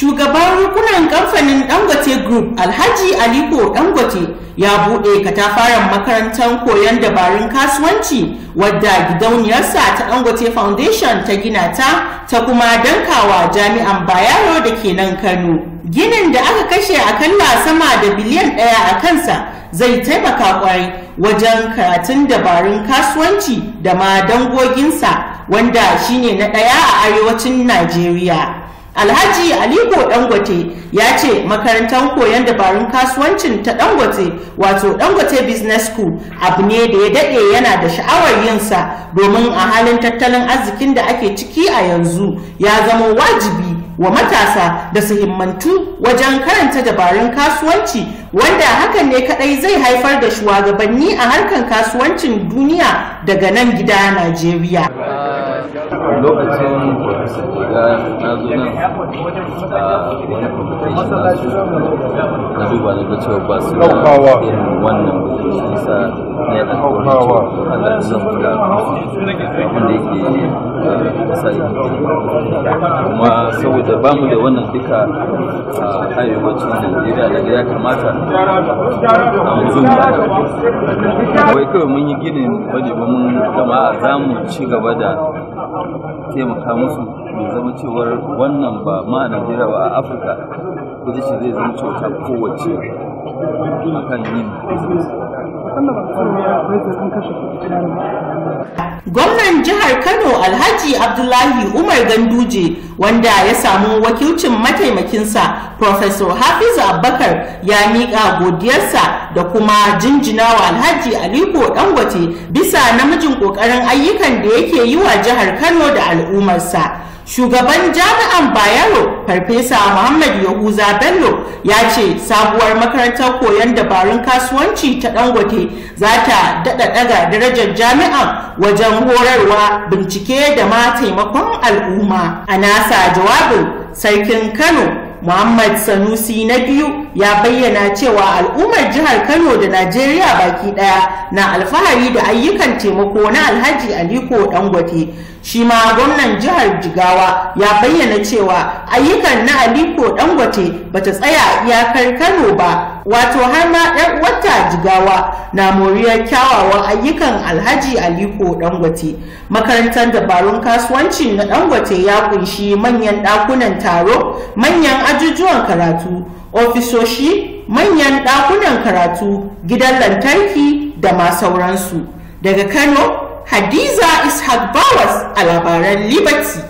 Shugaban rukunan kamfanin Dangote Group Alhaji Aliko Dangote ya buɗe katafaren makarantar koyon dabarun kasuwanci wadda gidauniyarsa ta Dangote Foundation ta gina ta ta kuma dankawa jami'an Bayero da ke nan Kano. Ginin da aka kashe akalla sama da biliyan ɗaya a kansa zai taimaka kwarai wajen karatun dabarun kasuwanci da ma dangoginsa wanda shine na ɗaya a arewacin Najeriya. alhaji aliko dangote ya ce makarantar koyon dabarun kasuwancin ta dangote wato dangote business school abu ne da ya dade yana da sha'awar yinsa domin a halin tattalin arzikin da ake ciki a yanzu ya zama wajibi wa matasa da su himmantu wajen karanta dabarun kasuwanci wanda hakan ne kadai zai haifar da shugabanni a harkar kasuwancin duniya daga nan gida najeriya lokacin da na zo a wani competition ah, na su na duba na cewa ba su da irin wannan shi sa na yi ɗan kawai cewa zan fura abin da yake eh, sa yi kuma saboda ba mu da wannan duka a ah, arewacin najeriya da ya kamata a mutum wai kawai mun yi ginin waje ba mun kama a za ci gaba da taimaka musu mai zama cewar wannan ba ma najeriya ba a afirka ita shi zai zama cewa kowace a kan yin Gwamnan jihar Kano Alhaji Abdullahi Umar Ganduje wanda ya samu wakilcin mataimakinsa Professor Hafizu Abbakar ya miƙa godiyarsa da kuma jinjinawa Alhaji Aliko Dangote bisa namijin ƙoƙarin ayyukan da yake yi wa jihar Kano da al'ummarsa. shugaban jami'an bayero farfesa muhammad yahuza bello ya ce sabuwar makarantar koyon dabarun kasuwanci ta dangote za ta daɗa daga darajar jami'an wajen horarwa bincike da ma taimakon al'umma a nasa jawabin sarkin kano muhammad sanusi na biyu ya bayyana cewa al'ummar jihar kano da najeriya baki daya na alfahari da ayyukan taimako na alhaji aliko dangote shi ma gwamnan jihar jigawa ya bayyana cewa ayyukan na aliko dangote bata tsaya iyakar kano ba wato har ma ɗan wata jigawa na moriyar kyawawan ayyukan alhaji aliko dangote makarantar dabarun kasuwanci na dangote ya kunshi manyan ɗakunan taro manyan ajujuwan karatu ofisoshi manyan ɗakunan karatu gidan lantarki da ma sauransu daga kano hadiza ishaq bawas a labaran liberty